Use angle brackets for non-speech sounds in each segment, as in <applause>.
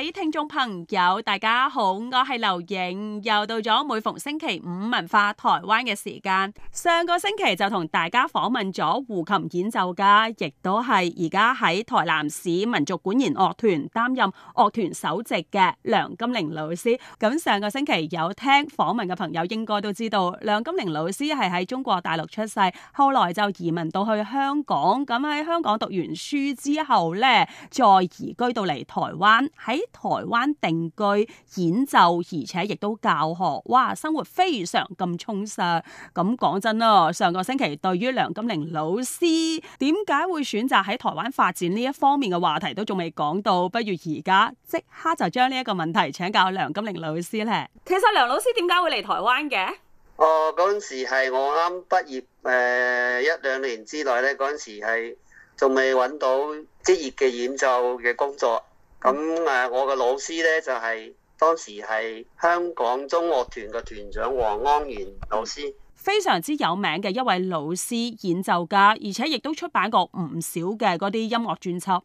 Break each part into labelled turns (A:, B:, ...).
A: 各位聽眾朋友，大家好，我係劉影，又到咗每逢星期五文化台灣嘅時間。上個星期就同大家訪問咗胡琴演奏家，亦都係而家喺台南市民族管弦樂團擔任樂團首席嘅梁金寧老師。咁上個星期有聽訪問嘅朋友應該都知道，梁金寧老師係喺中國大陸出世，後來就移民到去香港。咁喺香港讀完書之後咧，再移居到嚟台灣喺台灣定居演奏，而且亦都教學，哇！生活非常咁充實。咁講真囉，上個星期對於梁金寧老師點解會選擇喺台灣發展呢一方面嘅話題都仲未講到，不如而家即刻就將呢一個問題請教梁金寧老師咧。其實梁老師點解會嚟台灣嘅？哦，嗰陣時係我啱畢業誒、呃、一兩年之內
B: 咧，嗰陣時係仲未搵到職業嘅演奏嘅工作。咁誒，我嘅老師呢，就係、是、當時係香港中樂團嘅團長黃安源老師，
A: 非常之有名嘅一位老師演奏家，而且亦都出版過唔少嘅嗰啲音樂專輯。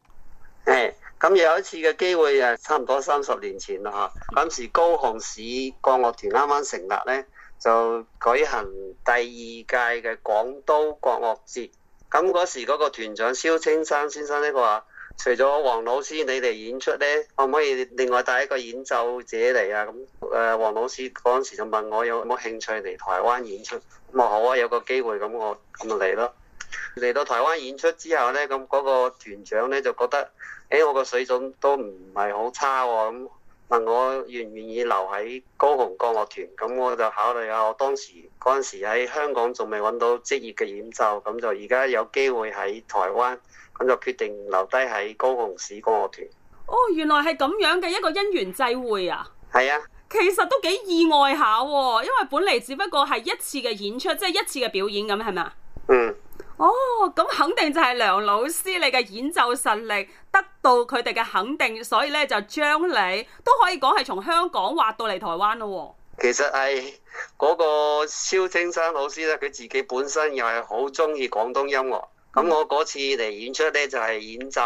B: 咁有一次嘅機會誒，差唔多三十年前啦吓，當時高雄市國樂團啱啱成立呢，就舉行第二屆嘅廣東國樂節。咁嗰時嗰個團長蕭青山先生咧話。除咗黃老師，你哋演出呢，可唔可以另外帶一個演奏者嚟啊？咁、嗯、誒，黃老師嗰陣時就問我有冇興趣嚟台灣演出。咁啊好啊，有個機會咁我咁就嚟咯。嚟到台灣演出之後呢，咁嗰個團長呢就覺得，誒、欸、我個水準都唔係好差喎。咁問我願唔願意留喺高雄國樂團。咁我就考慮下，我當時嗰陣時喺香港仲未揾到職業嘅演奏，咁就而家有機會喺台灣。咁就決定留低喺高雄市歌樂團。
A: 哦，原來係咁樣嘅一個因緣際會啊！係啊，其實都幾意外下，哦，因為本嚟只不過係一次嘅演出，即、就、係、是、一次嘅表演咁，係咪啊？嗯。哦，咁肯定就係梁老師你嘅演奏實力得到佢哋嘅肯定，所以咧就將你都可以講係從香港挖到嚟台灣咯，哦。
B: 其實係嗰、那個蕭青山老師咧，佢自己本身又係好中意廣東音樂。咁我嗰次嚟演出咧，就係演奏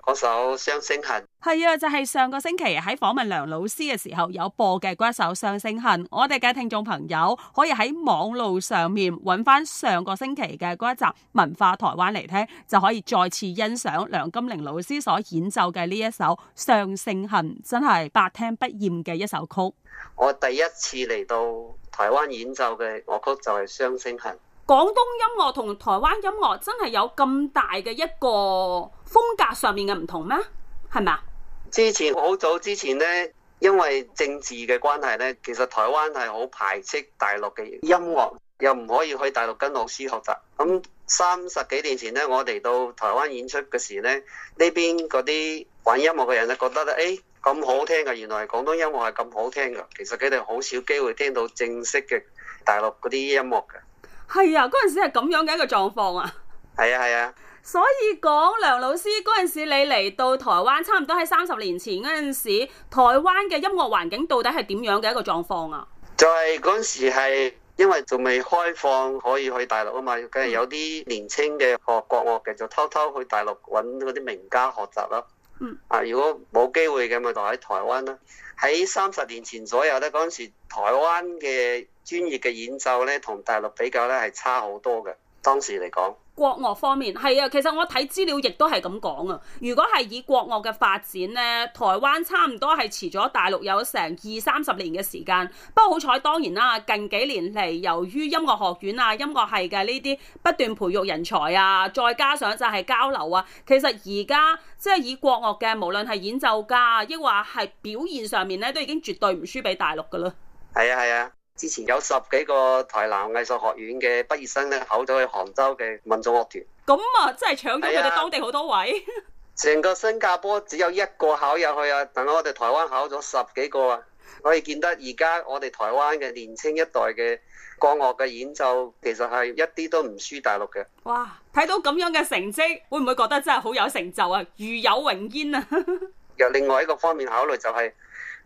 B: 嗰首《雙聲恨》。
A: 係啊，就係、是、上個星期喺訪問梁老師嘅時候有播嘅嗰一首《雙聲恨》。我哋嘅聽眾朋友可以喺網路上面揾翻上個星期嘅嗰一集《文化台灣》嚟聽，就可以再次欣賞梁金寧老師所演奏嘅呢一首《雙聲恨》，真係百聽不厭嘅一首曲。
B: 我第一次嚟到台灣演奏嘅樂曲就係、是《雙聲恨》。
A: 廣東音樂同台灣音樂真係有咁大嘅一個風格上面嘅唔同咩？係咪？之
B: 前好早之前呢，因為政治嘅關係呢，其實台灣係好排斥大陸嘅音樂，又唔可以去大陸跟老師學習。咁三十幾年前呢，我哋到台灣演出嘅時呢，呢邊嗰啲玩音樂嘅人就覺得咧，誒、欸，咁好聽噶，原來廣東音樂係咁好聽噶。其實佢哋好少機會聽到正式嘅大陸嗰啲音樂噶。
A: 係啊，嗰陣時係咁樣嘅一個狀況啊。
B: 係啊，係啊。啊
A: 所以講梁老師嗰陣時你嚟到台灣，差唔多喺三十年前嗰陣時，台灣嘅音樂環境到底係點樣嘅一個狀況啊？
B: 就係嗰時係因為仲未開放可以去大陸啊嘛，梗係有啲年青嘅學國樂嘅，就偷偷去大陸搵嗰啲名家學習咯。啊！如果冇機會噉咪留喺台灣啦。喺三十年前左右咧，嗰陣時台灣嘅專業嘅演奏咧，同大陸比較咧係差好多嘅。當時嚟講。
A: 國樂方面係啊，其實我睇資料亦都係咁講啊。如果係以國樂嘅發展咧，台灣差唔多係遲咗大陸有成二三十年嘅時間。不過好彩當然啦，近幾年嚟由於音樂學院啊、音樂系嘅呢啲不斷培育人才啊，再加上就係交流啊，其實而家即係以國樂嘅，無論係演奏家抑或係表現上面咧，都已經絕對唔輸俾大陸噶啦。
B: 係啊，係啊。之前有十幾個台南藝術學院嘅畢業生咧，考咗去杭州嘅民族樂團。
A: 咁啊，真係搶咗佢哋當地好多位。
B: 成、哎、個新加坡只有一個考入去啊，等我哋台灣考咗十幾個啊，可以見得而家我哋台灣嘅年青一代嘅國樂嘅演奏，其實係一啲都唔輸大陸嘅。
A: 哇！睇到咁樣嘅成績，會唔會覺得真係好有成就啊？如有榮焉啊！
B: 由 <laughs> 另外一個方面考慮就係、是。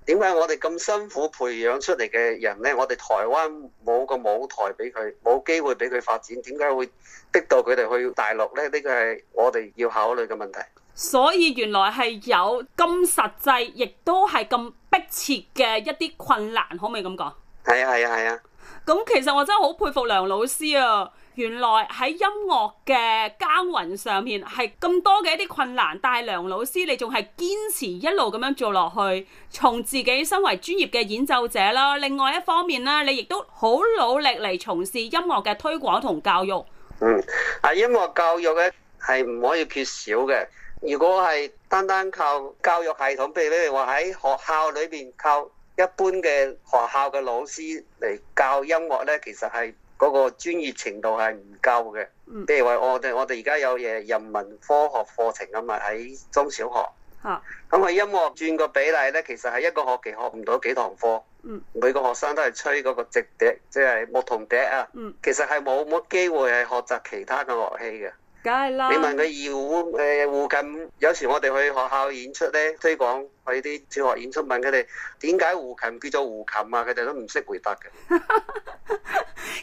B: 點解我哋咁辛苦培養出嚟嘅人呢？我哋台灣冇個舞台俾佢，冇機會俾佢發展，點解會逼到佢哋去大陸呢？呢個係我哋要考慮嘅問題。
A: 所以原來係有咁實際，亦都係咁迫切嘅一啲困難，可唔可以咁講？
B: 係啊，係啊，係啊。
A: 咁其實我真係好佩服梁老師啊！原來喺音樂嘅耕耘上面係咁多嘅一啲困難，但係梁老師你仲係堅持一路咁樣做落去，從自己身為專業嘅演奏者啦，另外一方面咧，你亦都好努力嚟從事音樂嘅推廣同教育。嗯，
B: 啊，音樂教育咧，係唔可以缺少嘅。如果係單單靠教育系統，譬如譬如話喺學校裏邊靠一般嘅學校嘅老師嚟教音樂呢，其實係。嗰個專業程度係唔夠嘅，譬、嗯、如話我哋我哋而家有嘢人文科學課程啊嘛，喺中小學。嚇、啊，咁我音樂轉個比例咧，其實係一個學期學唔到幾堂課。嗯，每個學生都係吹嗰個直笛，即、就、係、是、牧童笛啊。嗯，其實係冇乜機會係學習其他嘅樂器嘅。
A: 梗係啦，你問佢
B: 二胡誒、胡琴，有時我哋去學校演出咧，推廣去啲小學演出，問佢哋點解胡琴叫做胡琴啊，佢哋都唔識回答嘅。
A: <laughs>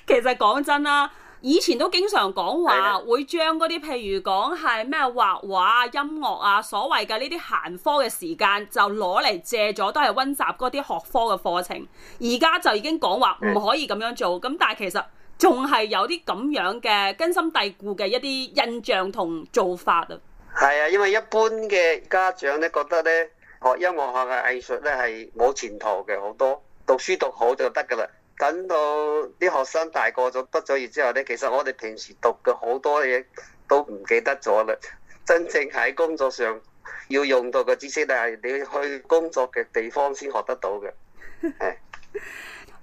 A: 其實講真啦，以前都經常講話會將嗰啲譬如講係咩畫畫、音樂啊，所謂嘅呢啲閒科嘅時間，就攞嚟借咗都係温習嗰啲學科嘅課程。而家就已經講話唔可以咁樣做，咁的但係其實。仲係有啲咁樣嘅根深蒂固嘅一啲印象同做法啊！
B: 係啊，因為一般嘅家長咧覺得咧，學音樂學嘅藝術咧係冇前途嘅，好多讀書讀好就得噶啦。等到啲學生大個咗，畢咗業之後咧，其實我哋平時讀嘅好多嘢,都唔記得咗啦。真正喺工作上要用到嘅知識，係你去工作嘅地方先學得到嘅。係。 <laughs>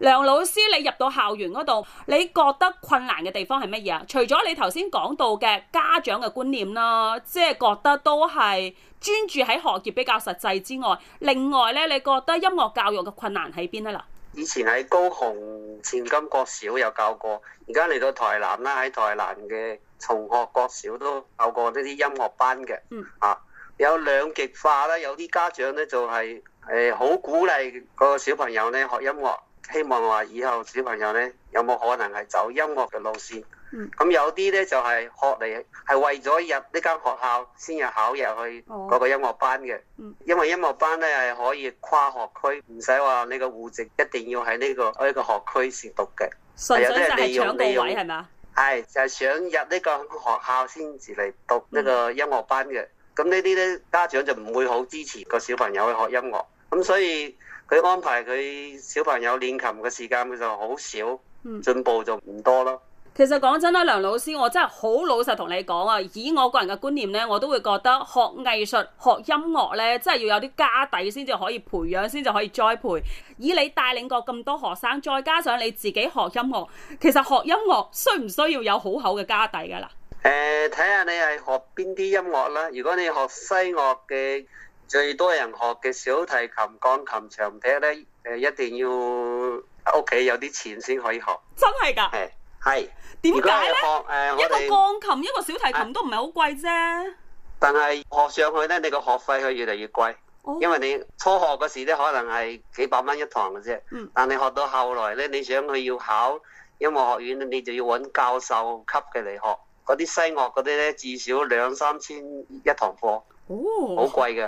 A: 梁老師，你入到校園嗰度，你覺得困難嘅地方係乜嘢啊？除咗你頭先講到嘅家長嘅觀念啦，即係覺得都係專注喺學業比較實際之外，另外咧，你覺得音樂教育嘅困難喺邊啊？嗱，
B: 以前喺高雄前金國小有教過，而家嚟到台南啦，喺台南嘅從學國小都教過呢啲音樂班嘅。嗯。啊，有兩極化啦，有啲家長咧就係誒好鼓勵個小朋友咧學音樂。希望話以後小朋友呢，有冇可能係走音樂嘅路線？咁、嗯、有啲呢，就係、是、學嚟係為咗入呢間學校先入考入去嗰個音樂班嘅。哦嗯、因為音樂班呢，係可以跨學區，唔使話你個戶籍一定要喺呢個呢個學區先讀嘅。純粹就係利用係嘛？係就係想入呢個學校先至嚟讀呢個音樂班嘅。咁、嗯、呢啲呢，家長就唔會好支持個小朋友去學音樂。咁、嗯、所以佢安排佢小朋友練琴嘅時間，佢就好少，進步就唔多咯、嗯。
A: 其實講真啦，梁老師，我真係好老實同你講啊，以我個人嘅觀念呢，我都會覺得學藝術、學音樂呢，真係要有啲家底先至可以培養，先至可以栽培。以你帶領過咁多學生，再加上你自己學音樂，其實學音樂需唔需要有好厚嘅家底噶啦？
B: 睇下、呃、你係學邊啲音樂啦。如果你學西樂嘅。最多人學嘅小提琴、鋼琴、長笛咧，誒、呃，一定要屋企有啲錢先可以學。真係噶？係？係點解咧？學呃、一個鋼
A: 琴，一個小提琴都唔係好貴啫。
B: 但係學上去咧，你個學費係越嚟越貴，哦、因為你初學嗰時咧，可能係幾百蚊一堂嘅啫。嗯、但你學到後來咧，你想去要考音樂學院，你就要揾教授級嘅嚟學。嗰啲西樂嗰啲咧，至少兩三千一堂課。好貴嘅，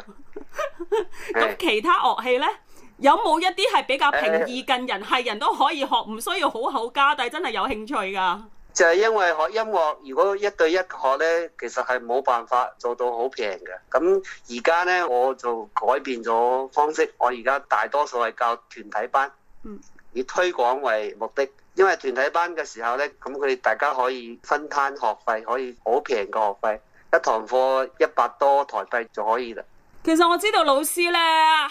B: 咁、哦、
A: <laughs> 其他樂器呢，有冇一啲係比較平易近人，係、哎、人都可以學，唔需要好厚家底，真係有興趣噶？
B: 就係因為學音樂，如果一對一學呢，其實係冇辦法做到好平嘅。咁而家呢，我就改變咗方式，我而家大多數係教團體班，嗯、以推廣為目的。因為團體班嘅時候呢，咁佢哋大家可以分攤學費，可以好平嘅學費。一堂課一百多台幣就可以啦。
A: 其實我知道老師咧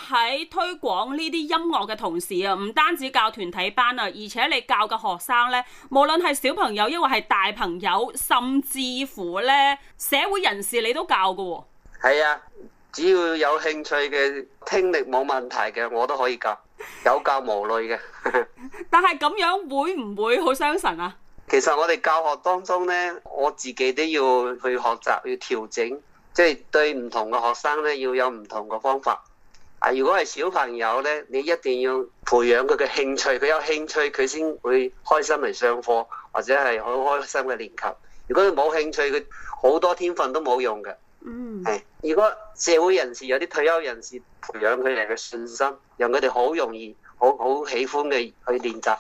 A: 喺推廣呢啲音樂嘅同時啊，唔單止教團體班啊，而且你教嘅學生咧，無論係小朋友，抑或係大朋友，甚至乎咧社會人士，你都教㗎喎。
B: 係啊，只要有興趣嘅、聽力冇問題嘅，我都可以教，有教無類嘅。
A: <laughs> 但係咁樣會唔會好傷神啊？
B: 其實我哋教學當中呢，我自己都要去學習，要調整，即係對唔同嘅學生呢，要有唔同嘅方法。啊，如果係小朋友呢，你一定要培養佢嘅興趣，佢有興趣佢先會開心嚟上課，或者係好開心嘅練習。如果佢冇興趣，佢好多天份都冇用嘅。嗯。係。如果社會人士有啲退休人士，培養佢哋嘅信心，讓佢哋好容易好好喜歡嘅去練習。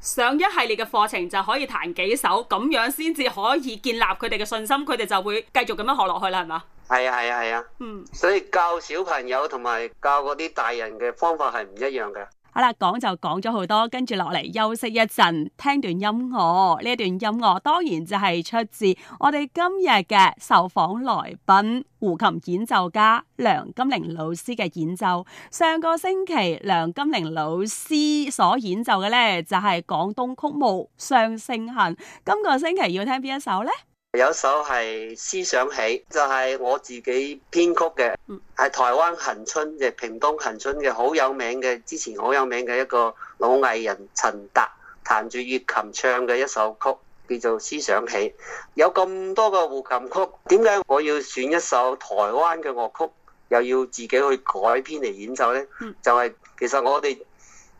A: 上一系列嘅課程就可以彈幾首，咁樣先至可以建立佢哋嘅信心，佢哋就會繼續咁樣學落去啦，係嘛？
B: 係啊，係啊，係啊，啊啊嗯。所以教小朋友同埋教嗰啲大人嘅方法係唔一樣嘅。
A: 好啦，講就講咗好多，跟住落嚟休息一陣，聽段音樂。呢段音樂當然就係出自我哋今日嘅受訪來賓，胡琴演奏家梁金寧老師嘅演奏。上個星期梁金寧老師所演奏嘅呢，就係廣東曲目《雙聲恨》。今個星期要聽邊一首呢？
B: 有一首係思想起，就係、是、我自己編曲嘅，係台灣恒春，即係屏東恒春嘅好有名嘅之前好有名嘅一個老藝人陳達彈住月琴唱嘅一首曲，叫做思想起。有咁多個胡琴曲，點解我要選一首台灣嘅樂曲，又要自己去改編嚟演奏呢？就係、是、其實我哋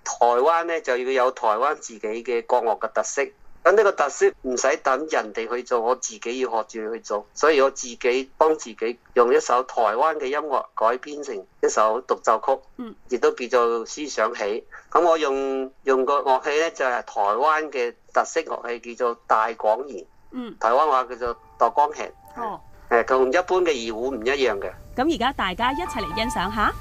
B: 台灣呢，就要有台灣自己嘅國樂嘅特色。咁呢個特色唔使等人哋去做，我自己要學住去做，所以我自己幫自己用一首台灣嘅音樂改編成一首獨奏曲，亦都叫做思想起。咁我用用個樂器呢，就係、是、台灣嘅特色樂器，叫做大廣絃，嗯、台灣話叫做大光絃，係誒，同、哦、一般嘅二胡唔一樣嘅。
A: 咁而家大家一齊嚟欣賞下。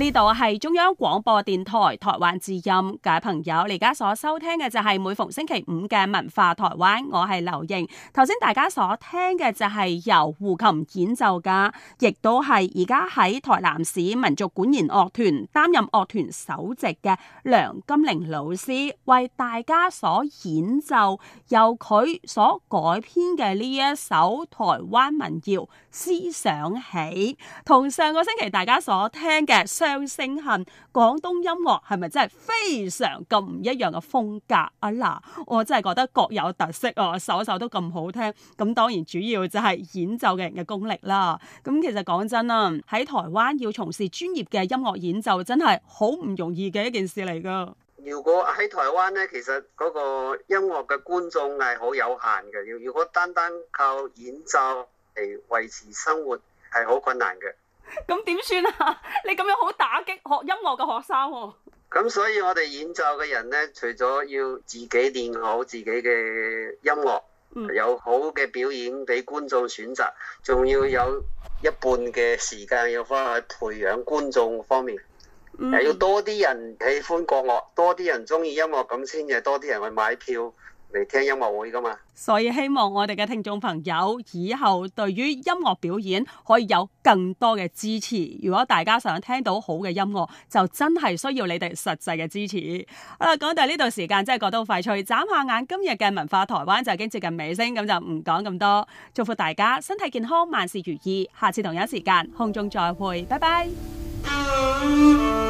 A: 呢度係中央廣播電台台灣之音，各位朋友，你而家所收聽嘅就係每逢星期五嘅文化台灣，我係劉瑩。頭先大家所聽嘅就係由胡琴演奏嘅，亦都係而家喺台南市民族管弦樂團擔任樂團首席嘅梁金寧老師為大家所演奏，由佢所改編嘅呢一首台灣民謠《思想起》，同上個星期大家所聽嘅相。張星恨廣東音樂，係咪真係非常咁唔一樣嘅風格啊？嗱，我真係覺得各有特色哦、啊，首首都咁好聽。咁當然主要就係演奏嘅人嘅功力啦。咁其實講真啦，喺台灣要從事專業嘅音樂演奏，真係好唔容易嘅一件事嚟㗎。
B: 如果喺台灣呢，其實嗰個音樂嘅觀眾係好有限嘅。如果單單靠演奏嚟維持生活，係好困難嘅。
A: 咁點算啊？你咁樣好打擊學音樂嘅學生喎、哦。
B: 咁所以我哋演奏嘅人呢，除咗要自己練好自己嘅音樂，嗯、有好嘅表演俾觀眾選擇，仲要有一半嘅時間要翻去培養觀眾方面，嗯、要多啲人喜歡國樂，多啲人中意音樂，咁先至多啲人去買票。嚟聽音樂會
A: 噶嘛，所以希望我哋嘅聽眾朋友以後對於音樂表演可以有更多嘅支持。如果大家想聽到好嘅音樂，就真係需要你哋實際嘅支持。好啦，講到呢度時間真係過得好快脆，眨下眼今日嘅文化台灣就已經接近尾聲，咁就唔講咁多。祝福大家身體健康，萬事如意。下次同一時間空中再會，拜拜。 <music>